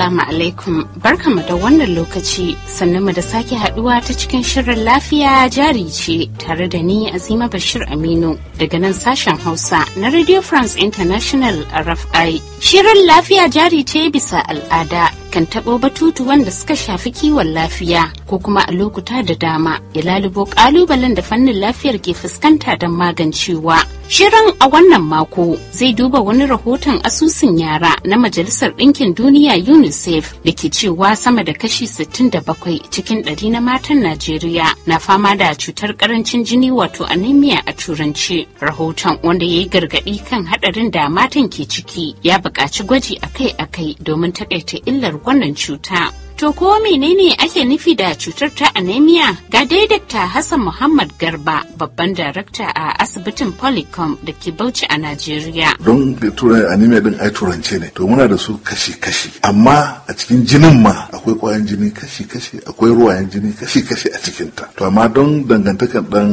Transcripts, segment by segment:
Assalamu alaikum barkamu da wannan lokaci mu da sake haduwa ta cikin shirin lafiya jari ce tare da ni Azima Bashir Aminu daga nan sashen Hausa na Radio France International RFI. Shirin lafiya jari ce bisa al'ada kan taɓo batutu wanda suka shafi kiwon lafiya ko kuma a lokuta da dama ya lalubo ƙalubalen da fannin lafiyar ke fuskanta don magancewa. Shirin a wannan mako zai duba wani rahoton asusun yara na Majalisar Ɗinkin Duniya UNICEF da ke cewa sama da kashi 67 cikin ɗari na matan Najeriya na fama da cutar ƙarancin jini wato anemia a turanci. Rahoton wanda ya yi gargaɗi kan haɗarin da matan ke ciki ya buƙaci gwaji akai-akai domin taƙaita illar wannan cuta. To ko menene ake nufi da cutar ta anemia? Ga dai Dr. Hassan Muhammad Garba, babban darakta a asibitin Polycom da ke Bauchi a Najeriya. Don da turai anemia din ai turance ne. To muna da su kashi-kashi. Amma a cikin jinin ma akwai kwayan jini kashi-kashi, akwai ruwayen jini kashi-kashi a cikin ta. To amma don dangantaka dan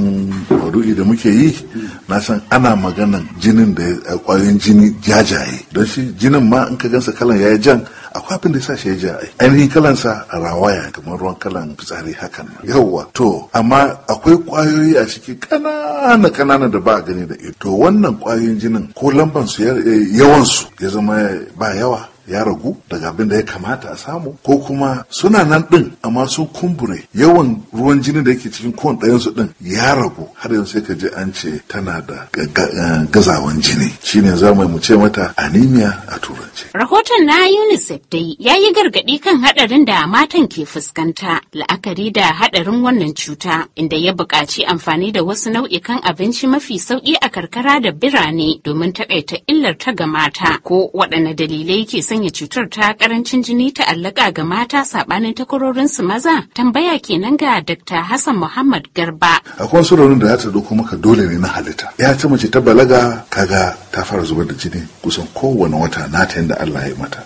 maudu'i da muke yi, na san ana maganan jinin da kwayoyin jini jajaye. Don shi jinin ma in ka gansa kalan yayi jan akwai abin da sa shi ya ja ainihin kalansa a rawaya kamar ruwan kalan fitsari hakan yawwa to amma akwai kwayoyi a ciki kanana kanana da ba a gani da ido to wannan kwayoyin jinin ko lambansu eh, yawansu ya zama ba yawa ya ragu daga abin da ya kamata a samu ko kuma suna nan din amma sun kumbure yawan ruwan jini da yake cikin kowane ɗayan su din ya ragu har yanzu sai ka je an ce tana da eh, gazawan jini shine za mu ce mata anemia a turanci. Rahoton na UNICEF dai ya yi gargaɗi kan haɗarin da matan ke fuskanta la'akari da haɗarin wannan cuta inda ya buƙaci amfani da wasu nau'ikan abinci mafi sauƙi a karkara da birane domin taƙaita illar ta ga mata ko waɗanne dalilai ke son sanya cutar ta karancin jini ta allaka ga mata sabanin su maza tambaya kenan ga Dr. Hassan Muhammad Garba. Akwai wasu raunin da ya ta doko maka dole ne na halitta. Ya ta mace ta balaga kaga ta fara zubar da jini kusan kowane wata na ta yadda Allah ya mata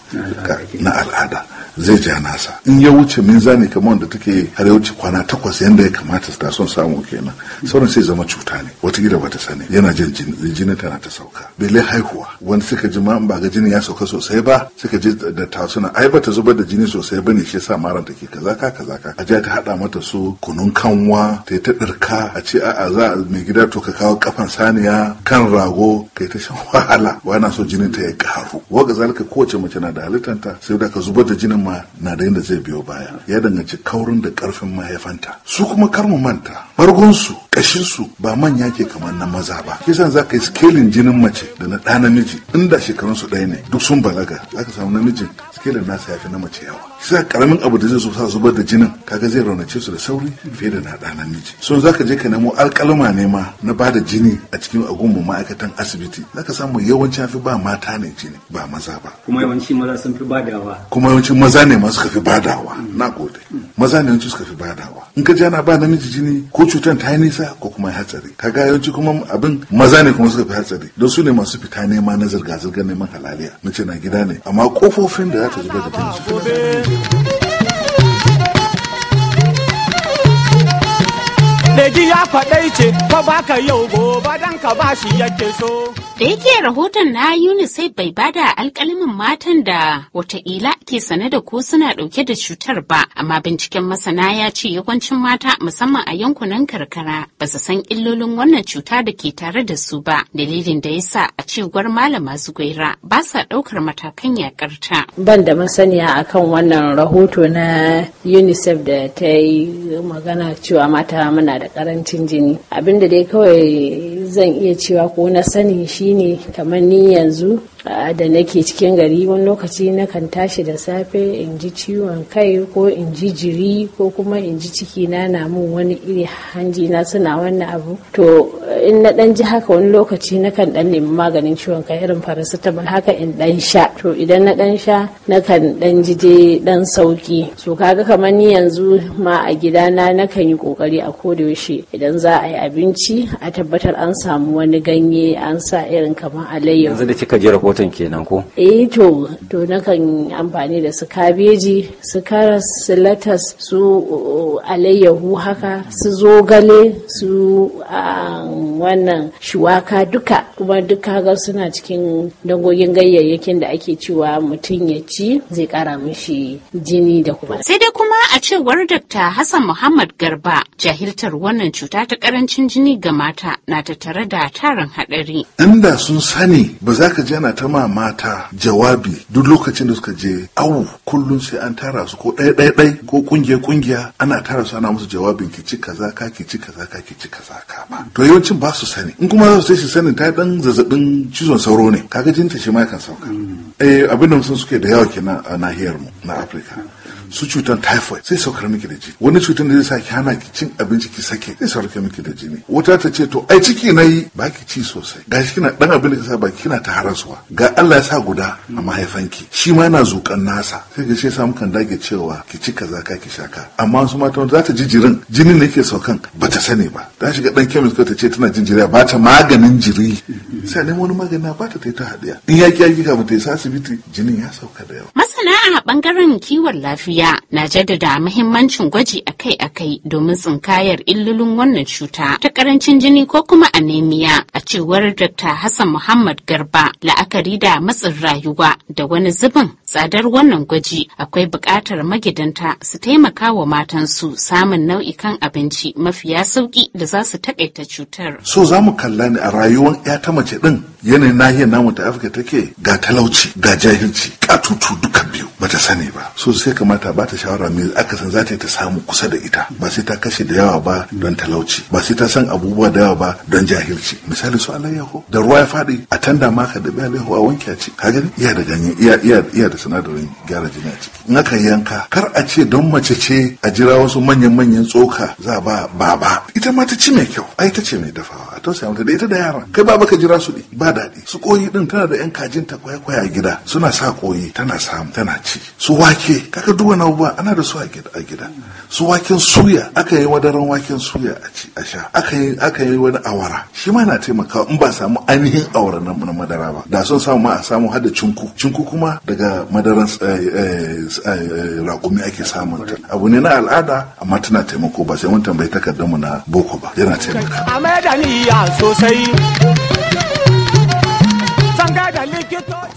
na al'ada zai ja nasa in ya wuce min zani kamar wanda take har ya wuce kwana takwas yadda ya kamata ta son samu kenan sauran sai zama cuta ne wata gida ta sani yana jin jini jini tana ta sauka bele haihuwa wani suka ji ma ba ga jini ya sauka sosai ba suka ji da ta suna ai ba ta zubar da jini sosai ba ne shi sa maran take kaza ka kaza ka a ta hada mata su kunun kanwa ta ta dirka a ce a'a za mai gida to ka kawo kafan saniya kan rago kai ta shan wahala wana so jinin ta ya karu waga zalika kowace mace na da halittanta sai da ka zubar da jinin ma na da yadda zai biyo baya ya danganci kaurin da karfin mahaifanta su kuma kar manta bargonsu kashin su ba manya ke kamar na maza ba kisan za ka yi skelin jinin mace da na ɗa namiji inda shekarun su ɗaya ne duk sun balaga za ka samu namijin skelin nasa ya fi na mace yawa kisa karamin abu da zai so sa zubar da jinin kaga zai raunace su da sauri fiye da na ɗa namiji so za ka je ka nemo alkalama ne ma na ba da jini a cikin agunmu ma'aikatan asibiti za ka samu yawanci fi ba mata ne jini ba maza ba kuma yawanci maza sun fi badawa kuma yawanci maza ne ma suka fi badawa na gode maza ne yawanci suka fi badawa in ka ji ana ba namiji jini ko cutar ta yi nisa nisa ko kuma hatsari kaga yawanci kuma abin maza ne kuma suka fi hatsari don su ne masu fita nema na zirga-zirgar neman halaliya ce na gida ne amma kofofin da za ta zuba da ta Leji ya faɗai ce, fa baka yau gobe dan ka bashi yake so. Da yake rahoton na UNICEF bai bada alkalimin matan da wataƙila ke sane da ko suna ɗauke da cutar ba, amma binciken masana ya ce yawancin mata musamman a yankunan karkara ba su san illolin wannan cuta da ke tare da su ba. Dalilin da ya sa a cewar malama zugaira ba sa ɗaukar matakan yakarta. Ban da masaniya akan wannan rahoto na UNICEF da ta yi magana cewa mata muna da ƙarancin jini. Abin da dai kawai zan iya cewa ko na sani shine kamar ni yanzu Ah, da nake cikin gari wani lokaci nakan tashi da safe in ji ciwon kai ko in ji jiri ko kuma in ji ciki na na mun wani iri hanji na suna wannan abu to in na dan ji haka wani lokaci nakan dan nemi maganin ciwon kai irin paracetamol haka in dan sha to idan na dan sha nakan dan ji je dan sauki so kaga kamar ni yanzu ma a gidana nakan yi kokari a koda yaushe idan za a yi abinci a tabbatar an samu wani ganye an sa irin kamar alayyahu yanzu da kika jira watan kenan ko eh to to kan amfani da su kabeji su karas su latas su uh, alayyahu haka su zogale su um, wannan shuwaka duka kuma duka ga suna cikin dangogin gayyayyakin da ake cewa mutum ya ci zai kara mishi jini da kuma sai dai kuma a cewar Dr. Hassan Muhammad Garba jahiltar wannan cuta ta karancin jini ga mata na tattare da tarin hadari inda sun sani ba za ka ji ana ta mata jawabi duk lokacin da suka je awu kullum sai an tara su ko ɗaya ɗaya ɗai ko kungiya kungiya ana tara su ana musu jawabin ki ci kaza ka ki ci kaza ka ki ci kaza ka ba to yawancin ba su sani in kuma za su su sani ta dan zazzabin cizon sauro ne kaga jinta shi ma kan sauka mm. eh abin da suke da yawa kenan a nahiyar mu na Afirka su cutan typhoid sai saukar miki da jini wani cutan da zai sa ki hana ki cin abinci ki sake zai saukar miki da jini wata ta ce to ai ciki na yi ba ki ci sosai ga shi kina dan abin da sa baki kina ta harasuwa ga Allah ya sa guda a mahaifanki shi ma yana zukan nasa sai ga shi yasa mukan dage cewa ki ci kaza ka ki ka amma su mata za ta ji jirin jinin da yake saukan ba ta sani ba ta shiga dan kemis ta ce tana jin jiri ba ta maganin jiri sai nemo wani magani ba ta ta haɗiya in ya ki ya ki kafin ta isa asibiti jinin ya sauka da yawa masana a bangaren kiwon lafiya Najeriya na jaddada muhimmancin gwaji akai-akai domin tsinkayar illolin wannan cuta ta karancin jini ko kuma anemia a cewar Dr. Hassan Muhammad Garba la'akari da matsin rayuwa da wani zubin tsadar wannan gwaji akwai buƙatar magidanta su taimaka wa matansu samun nau'ikan abinci mafiya sauƙi da za su taƙaita cutar. So za mu kalla ne a rayuwar 'ya ta mace ɗin yanayin nahiyar namu ta Afirka take ga talauci ga jahilci katutu duka bata sani ba so sai kamata ba ta shawara me aka san za ta ta samu kusa da ita ba sai ta kashe da yawa ba don talauci ba sai ta san abubuwa da yawa ba don jahilci misali su alayyaho da ruwa ya faɗi a tanda ma ka da alayyaho a wanke a ce ci kaga iya da ganye iya iya iya da sinadarin gyara jini a ciki in aka yanka kar a ce don mace ce a jira wasu manyan manyan tsoka za ba baba ita ma ta ci mai kyau ai ta ce mai dafawa a tausaya mata da ita da yaran kai ba baka jira su ne ba daɗi su koyi din tana da yan kajin ta kwaya kwaya gida suna sa koyi tana samu tana ci su wake kaga duk wani abubuwa ana da su a gida su waken suya aka yi wadaran waken suya a ci a sha aka yi wani awara shi ma na taimakawa in ba samu ainihin awara na madara ba da sun samu ma a samu hada cinku cinku kuma daga madaran eh, eh, eh, rakumi ake samun ta abu ne na al'ada amma tana taimako ba sai mun tambayi takardar mu na boko ba yana taimaka. sosai.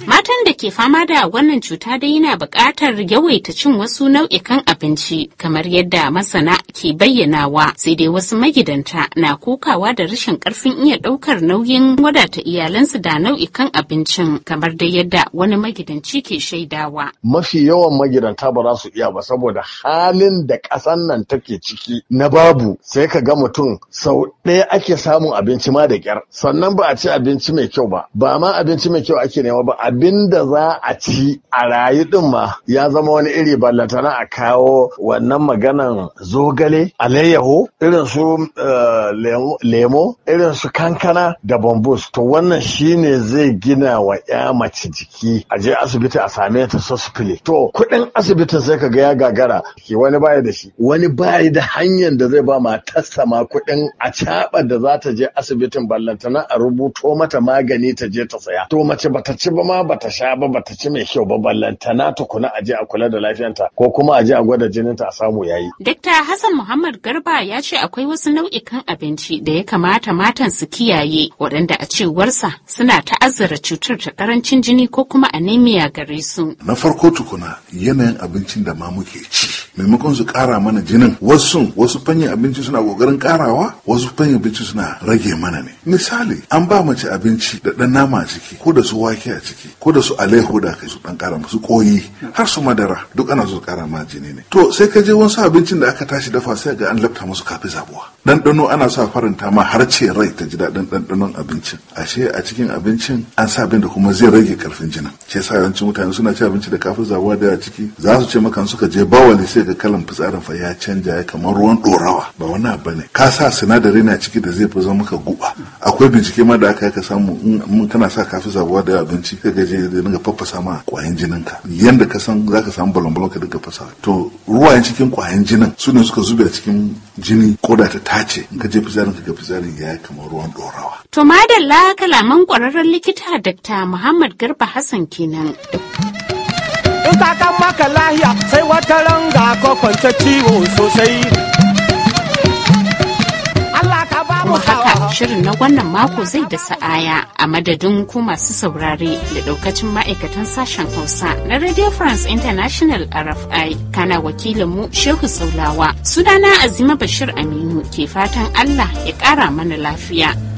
Matan da ke fama da wannan cuta dai yana buƙatar yawaita cin wasu nau'ikan abinci kamar yadda masana ke bayyanawa sai dai wasu magidanta na kokawa da rashin karfin iya ɗaukar nauyin wadata iyalansu da nau'ikan abincin kamar da yadda wani magidanci ke shaidawa. Mafi yawan magidanta ba za su iya ba saboda halin da ƙasan nan take ciki na babu sai ka ga mutum sau ɗaya ake samun abinci ma da ƙyar sannan ba a ci abinci mai kyau ba ba ma abinci abinci mai kyau ake nema ba abin da za a ci a rayu din ma ya zama wani iri ballatana a kawo wannan maganan zogale alayyaho irin su eh, lemo irin su kankana da bambus to wannan shine zai gina wa ya mace jiki a je asibiti a same ta sospile to kudin asibitin sai ka ga ya gagara ke wani baya da shi wani baya da hanyar da zai ba matarsa ma kudin a caɓa da za ta je asibitin ballantana a rubuto mata magani ta je ta saya wato mace bata ci ba ma bata sha ba bata ci mai kyau ba na tukuna aje a kula da lafiyanta ko kuma aje a gwada jininta a samu yayi. dr Hassan Muhammad Garba ya ce akwai wasu nau'ikan abinci da ya kamata matan su kiyaye waɗanda a cewarsa suna ta'azzara cutar ta karancin jini ko kuma anemia gare su. Na farko tukuna yanayin abincin da ma muke ci maimakon su kara mana jinin wasu wasu fanyen abinci suna ƙoƙarin ƙarawa wasu fanyen abinci suna rage mana ne. Misali an ba mace abinci da ɗan nama ciki Who da su wake a ciki ko da su alaiho da kai su dan kara musu koyi har su madara duk ana su kara ma jini ne to sai ka je wasu abincin da aka tashi dafa sai ga an lafta musu kafi zabuwa ɗanɗano ana sa faranta ma har ce rai ta ji daɗin ɗanɗanon abincin ashe a cikin abincin an sa abin da kuma zai rage karfin jinin shi sa yawancin mutane suna ci abinci da kafin zabuwa da ciki za su ce maka suka je ba bawali sai ga kalan fitsarin fa ya canja ya kamar ruwan dorawa. ba wani abu ne ka sa sinadari na ciki da zai fi zama maka guba akwai bincike ma da aka yi ka samu in kana sa kafin zabuwa da abinci ka gaji je da dinga faffasa ma kwayan jinin ka yanda ka san zaka samu balon balon ka dinga fasa to ruwayen cikin kwayan jinin su ne suka zube a cikin jini koda ta tace in ka je fitsarin ka ga fitsarin ya yi kamar ruwan dorawa. To madalla kalaman kwararren likita Dr. Muhammad Garba Hassan kenan. In ka kan maka lahiya sai wata ranga ko kwance ciwo sosai kuma haka shirin na wannan mako zai da sa'aya a madadin ku masu saurare da daukacin ma'aikatan sashen hausa na radio france international rfi kana wakilinmu shehu saulawa sunana azima bashir aminu ke fatan allah ya kara mana lafiya